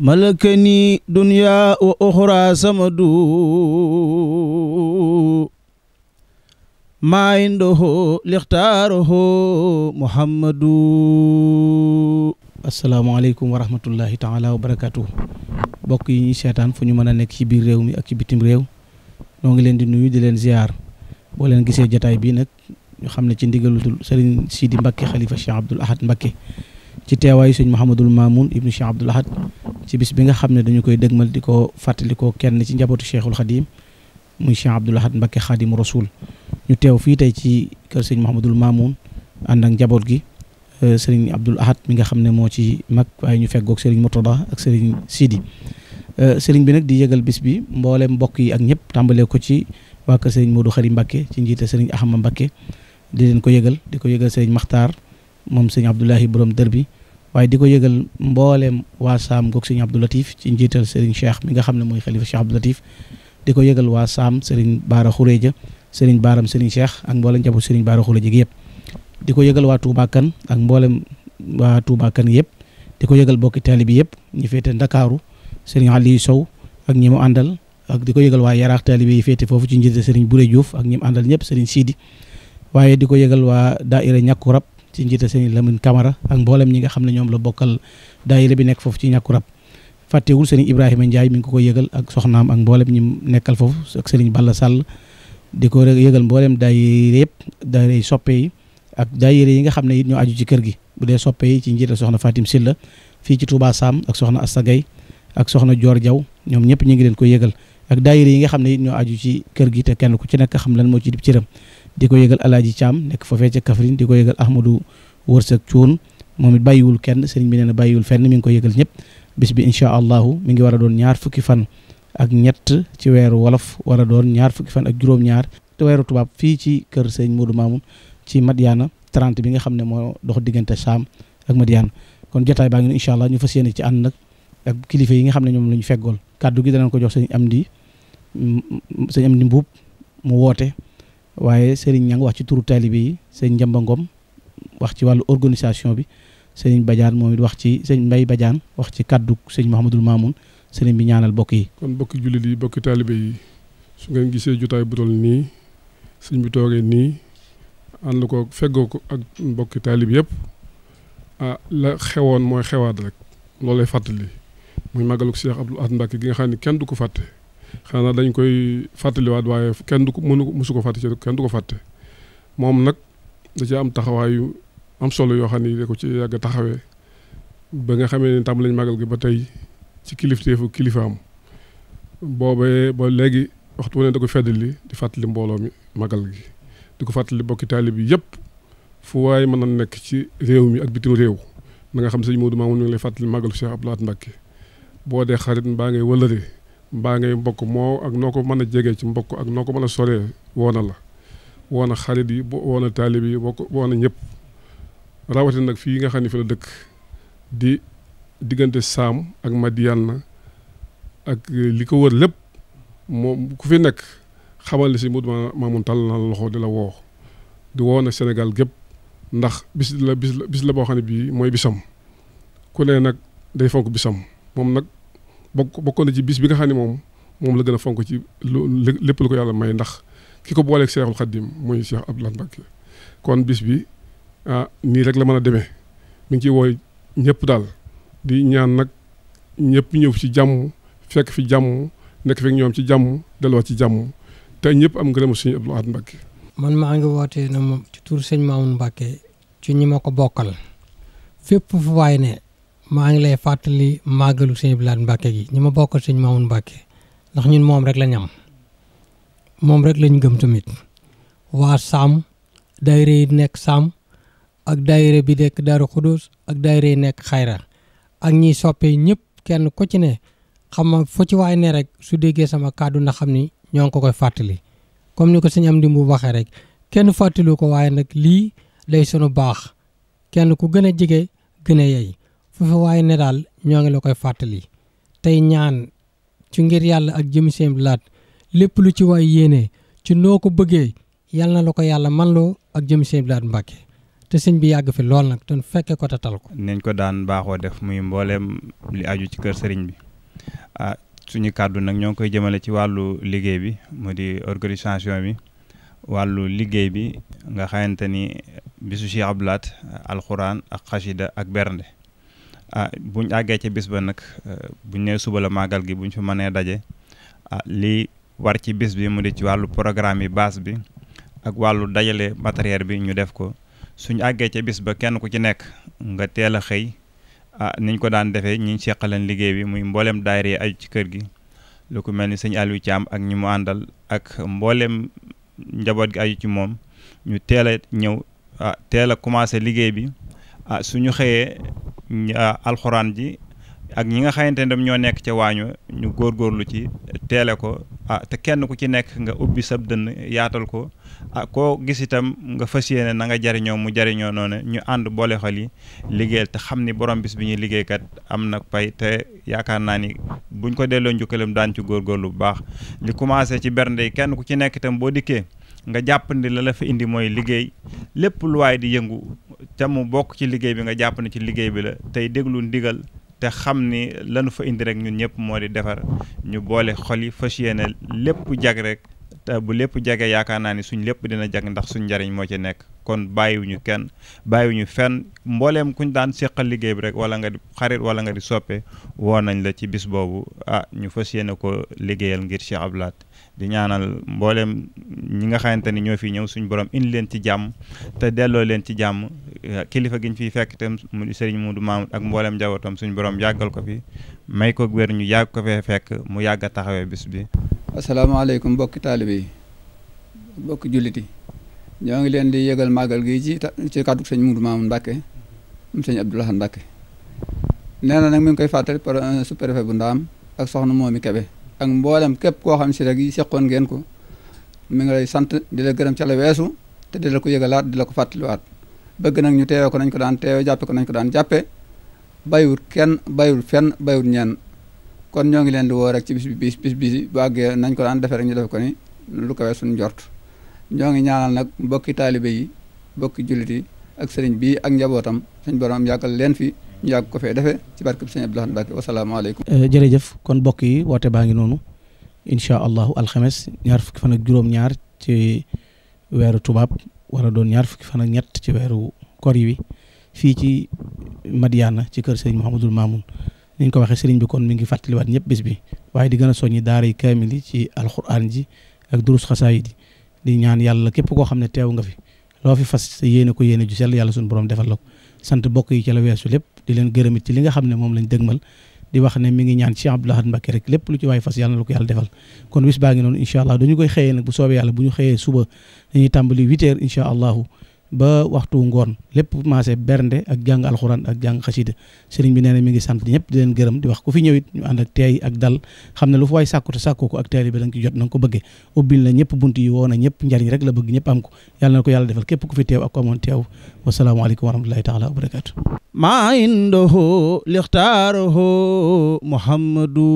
malakani dunya wa ukhra sama du indahu lixtaaruhu muhammadu asalaamaaleykum wa rahmatullahi taala wa barakatuh bokk yi ñuy seetaan fu ñu mën a nekk ci biir réew mi ak ci bitim réew noo ngi leen di nuyu di leen ziar boo leen gisee jataay bii nag ñu xam ne ci ndigalutul Serigne Sidi Mbakke xalifa Cheikh Abdoul Ahad Mbakke ci teewaayu sëñ Mouhamadul Mamoun ibnu Cheikh Abdoul Ahad ci bis bi nga xam ne dañu koy dëgmal di ko fàttalikoo kenn ci njabootu cheikhul xadim muy cheikh Abdoul Ahad Mbacké xadimu rasul ñu teew fii tey ci kër sëñ Mouhamadul Mamoun ànd ak njaboot gi euh, sëriñ Abdoul Ahad mi nga xam ne moo ci mag waaye ñu feggoog sëriñ Murtada ak sëriñ Sidi euh, sëriñ bi nag di yëgal bis bi mboole mbokk yi ak ñëpp tàmbalee ko ci waa kër sëriñ Modou Xari Mbacké ci njiite sëriñ Ahama Mbacké di leen ko yëgal di ko yëgal sëriñ Maxtaar moom sëriñ Abdoulahi borom dër bi waaye di ko yëgal mboolem waa saam goog sëriñ Abdou Latif ci njiital sëriñ Cheikh mi nga xam ne mooy xalifa Cheikh Abdou Latif di ko yëgal waa saam sëriñ Baara Xureja sëriñ Baaram sëriñ Cheikh ak mbooleem njaboot sëriñ Baara Xureja gi yëpp di ko yëgal waa Touba ak mboolem waa Touba Kan yëpp di ko yëgal bokki taalibe yëpp ñi féete Ndakaaru sëriñ Aliou Sow ak ñi mu àndal ak di ko yëgal waa Yaraax taalibe yi féete foofu ci njiital sëriñ Bouré Diouf ak ñi mu àndal ñëpp sëriñ Sidi waaye di ko yëgal waa daaira ñàkku rab ci njiita seen Lamine kamara ak mboolem ñi nga xam ne ñoom la bokkal daayira bi nekk foofu ci ñàkku rab fàttewul sëriñ Ibrahima Ndiaye mi ngi ko koy yëgal ak soxnaam ak mboolem ñi nekkal foofu ak sëriñ Balla Sall di ko yëgal mboolem daayira yëpp daayira yi soppe yi ak daayira yi nga xam ne it ñoo aju ci kër gi bu dee soppe ci njiital soxna Fatim Silla fii ci Touba Sam ak soxna Asta Gaye ak soxna Dior Diaw ñoom ñëpp ñu ngi leen ko yëgal ak daayira yi nga xam ne it ñoo aju ci kër gi te kenn ku ci nekk xam lan moo ci dib cëram di ko yëgal alaaji Caam nekk foofee ca Kaffrine di ko yëgal Ahmadou Wërsëg Cuun moom it bàyyiwul kenn sëriñ bi nee na bàyyiwul fenn mi ngi ko yëgal ñëpp bis bi incha allahu mi ngi war a doon ñaar fukki fan ak ñett ci weeru wolof war doon ñaar fukki fan ak juróom-ñaar te weeru tubaab fii ci kër sëriñ Modou Mamoun ci Madiana 30 bi nga xam ne moo dox diggante Saam ak Madiana kon jotaay baa ngi ne incha allah ñu fa yéene ci ànd nag ak kilifa yi nga xam ne ñoom la ñu feggool kàddu gi danañ ko jox sëñ Amdi sëñ Amdi Mbuub mu woote waaye Serigne Niang wax ci turu taalibe yi sëñ Njamba Ngom wax ci wàllu organisation bi sëñ Badiane moom it wax ci sëñ mbay Badiane wax ci kàddu sëñ Mouhamadul Mamoun sëriñ bi ñaanal bokk yi. kon bokki jullit yi bokki taalibe yi su nga gisee jotaay bu toll nii sëñ bi toogee nii ànd ko feggoo ko ak bokki taalibe yëpp ah la xewoon mooy xewaat rek loolay fàttali muy màggalu Cheikh Abdoul Ahad Mbacké gi nga xam ne kenn du ko fàtte. xanaa dañ koy fàttaliwaat waaye kenn du ko mënu ko ko fàtte ci kenn du ko fàtte moom nag da ci am taxawaayu am solo yoo xam ne da ko ci yàgg taxawee ba nga xamee ne tam lañ màggal gi ba tey ci kilifteefu kilifaam boobee ba léegi waxtu wu da ko feddali di fàttali mbooloo mi magal gi di ko fàttali bokki taalib yi yëpp fu waay mën na nekk ci réew mi ak bitim réew na nga xam sëñ Modou Mamoune mi ngi lay fàttali màggalu Cheikh Abdou Lahad Mbacké boo dee xarit mbaa ngay wëlëree mbaa ngay mbokk moo ak noo ko mën a jegee ci mbokk ak noo ko mën a soree woona la woona xarit yi woona taalib yi boo ko woona ñëpp rawatina nag fii nga xam ne fi dëkk di diggante saam ak madiyaana ak li ko wër lépp moom fi nekk xamal ni si mut ma maamun tàll na loxo di la woo di woo na Sénégal gépp ndax bis la bis la bis la boo xam ne bii mooy bisam ku ne nag day fonk bisam moom nag bokk bokkoon na ci bis bi nga xam ne moom moom la gën a fonk ci lépp lu ko yàlla may ndax ki ko booleeg Seexul Xaddim muy Cheikh Abdou Lahad Mbacké kon bis bi ah nii rek la mën a demee mu ngi ciy wooy ñëpp daal di ñaan nag ñëpp ñëw ci jàmm fekk fi jàmm nekk fekk ñoom ci jàmm delluwaat ci jàmm te ñëpp am ngërëmu Sëñ Abdou Lahad Mbacké man maa ngi wootee na moom ci tur sëñ Mamoun Mbacké ci ñu ma ko bokkal fépp fu waay ne maa ngi lay fàttali màggalu sëñ Abdou Lahad Mbacke gi ñi ma bokkal sëñ Mamoun Mbacke ndax ñun moom rek la ñam moom rek lañ gëm tamit waa Saam daayira yi nekk Saam ak daayira bi nekk Daaru Xudus ak daayira yi nekk Xayra ak ñiy soppee ñëpp kenn ku ci ne xam ma fu ci waay ne rek su déggee sama kàddu na xam ni ñoo ngi ko koy fàttali comme ni ko sëñ Amdi Mbuub waxee rek kenn fàttalu ko waaye nag lii day sunu baax kenn ku gën a jege gën a yey fu fi waaye ne daal ñoo ngi la koy fàttali tey ñaan ci ngir yàlla ak jëm seen lépp lu ci waay yéene ci noo ko bëggee yal na la ko yàlla man loo ak jëm seen laat mbàkke te sëñ bi yàgg fi lool nag te fekke ko te tal ko. nañ ko daan baaxoo def muy mbooleem li aju ci kër sëriñ bi ah suñu kàddu nag ñoo ngi koy jëmale ci wàllu liggéey bi mu di organisation bi wàllu liggéey bi nga xamante ni bisu Cheikh Abdou Lahad alxuraan ak xasida ak bernde. ah buñ àggee ca bis ba nag eh, buñ nee suba la màggal gi buñ fi mënee daje ah, li war ci bis bi mu di ci wàllu programme yi base bi ak wàllu dajale matériel bi ñu def ko suñ àggee ca bis ba kenn ku ci nekk nga teel a xëy ah niñ ko daan defee ñi seqaleen liggéey bi muy mbooleem daayira yi aju ci kër gi lu ko mel ni sëñ Aliou Thiam ak ñi mu àndal ak mbooleem njaboot gi aju ci moom ñu teel a ñëw ah teel a commencé liggéey bi ah suñu xëyee Ah, alxuraan ji ak ñi nga xamante ne ñoo nekk ca waañu ñu góor góorlu ci teele ko ah te kenn ku ci nekk nga ubbi sab dënn yaatal ko ah koo gis itam nga fas yéene na nga jariñoo mu jariñoo noonu ñu ànd boole yi liggéeyal te xam ni borom bis bi ñuy liggéeykat am na pay te yaakaar naa ni buñ ko delloo njukkalam daan ci góor góorgóorlu bu baax li commencé ci bernde yi kenn ku ci nekk itam boo dikkee nga jàppandi la la fa indi mooy liggéey lépp lu waaye di yëngu te mu bokk ci liggéey bi nga jàpp ne ci liggéey bi la tey déglu ndigal te xam ni lanu fa indi rek ñun ñëpp moo di defar ñu boole xol yi fas yéene lépp jag rek te bu lépp jage yaakaar naa ni suñ lépp dina jag ndax suñ njariñ moo ci nekk kon bàyyiwuñu kenn bàyyiwuñu fenn mbooleem ku ñu daan seqal liggéey bi rek wala nga di xarit wala nga di soppe woon nañ la ci bis boobu ah ñu fas yéene ko liggéeyal ngir Cheikh Abdou Lahad di ñaanal mbooleem ñi nga xamante ni ñoo fi ñëw suñu borom indi leen ci jàmm te delloo leen ci jàmm kilifa giñ fi fekk itam mu di Serigne Moudou Mamoud ak mbooleem njabootam suñu boroom yàggal ko fi may ko wér ñu yàgg ko fee fekk mu yàgg a taxawee bis bi. asalaamaaleykum mbokki taalibe yi mbokki julliti. ñoo ngi leen di yëgal màggal gi ci ci kàddu sëñ Moudou Mamoun Mbacke moom sëñ Abdou Lahad Mbacke nee na nag mi ngi koy fàttali par euh, sous préfet ndaam ak soxna moomi Kebe ak mboolem képp koo xam si rek yi seqoon ngeen ko mi ngi lay sant di la gërëm ca la weesu te di la ko yëgalaat di la ko fàttaliwaat bëgg nag ñu teewee ko nañ ko daan teewee jàppe ko nañ ko daan jàppe bayul kenn bayul fenn bayul ñenn kon ñoo ngi leen di woo rek ci bis bis bis bis bu àggee nañ ko daan defee rek ñu def ko ni lu ko suñu njort ñoo ngi ñaanal nag mbokki taalibe yi mbokki jullit ak sëriñ bi ak njabootam suñ borom yàggal leen fi ñu ko fee defee ci barkeb sëñ Abdou Lahad Mbacké wasalaamaaleykum eh, kon mbokk yi woote baa ngi noonu incha allahu alxames ñaar fukki fan ak juróom-ñaar ci weeru tubaab war doon ñaar fukki fan ñett ci weeru kor yi fii ci Madiana ci kër sëriñ Mouhamadul Mamoun ni ñu ko waxee sëriñ bi kon mi ngi fàttaliwaat ñëpp bés bi waaye di gën a soññi daara yi kaamil yi ci alxuraan ji ak durus xasaayid yi di ñaan yàlla képp koo xam ne teew nga fi loo fi fas yéene ko yéene ju sell yàlla suñu borom defal la ko sant bokk yi ci la weesu lépp di leen gërëmit ci li nga xam ne moom lañ dëgmal di wax ne mi ngi ñaan Cheikh Abdoul Ahad Mbacké lépp lu ci waay fas yàlla na la ko yàlla defal kon wis baa ngi noonu incha allah dañu koy xëyee nag bu soobee yàlla bu ñu xëyee suba dañuy tàmbali 8 heures incha allahu ba waxtu ngoon lépp maase bernde ak jàng alxuraan ak jàng xasida sëriñ bi nee na mi ngi sant ñëpp di leen gërëm di wax ku fi ñëwit ñu ànd ak teey ak dal xam ne lu fa waay sàkku te ko ak teeli bi la nga ci jot na ko bëggee ubbil na ñëpp bunt yi woo na ñëpp njariñ rek la bëgg ñëpp am ko yàlla na ko yàlla defal képp ku fi teew ak ko amoon teew wasalaamaaleykum wa rahmatullahi taala wa barakaatu maa indahu lixtaaruhu muhammadu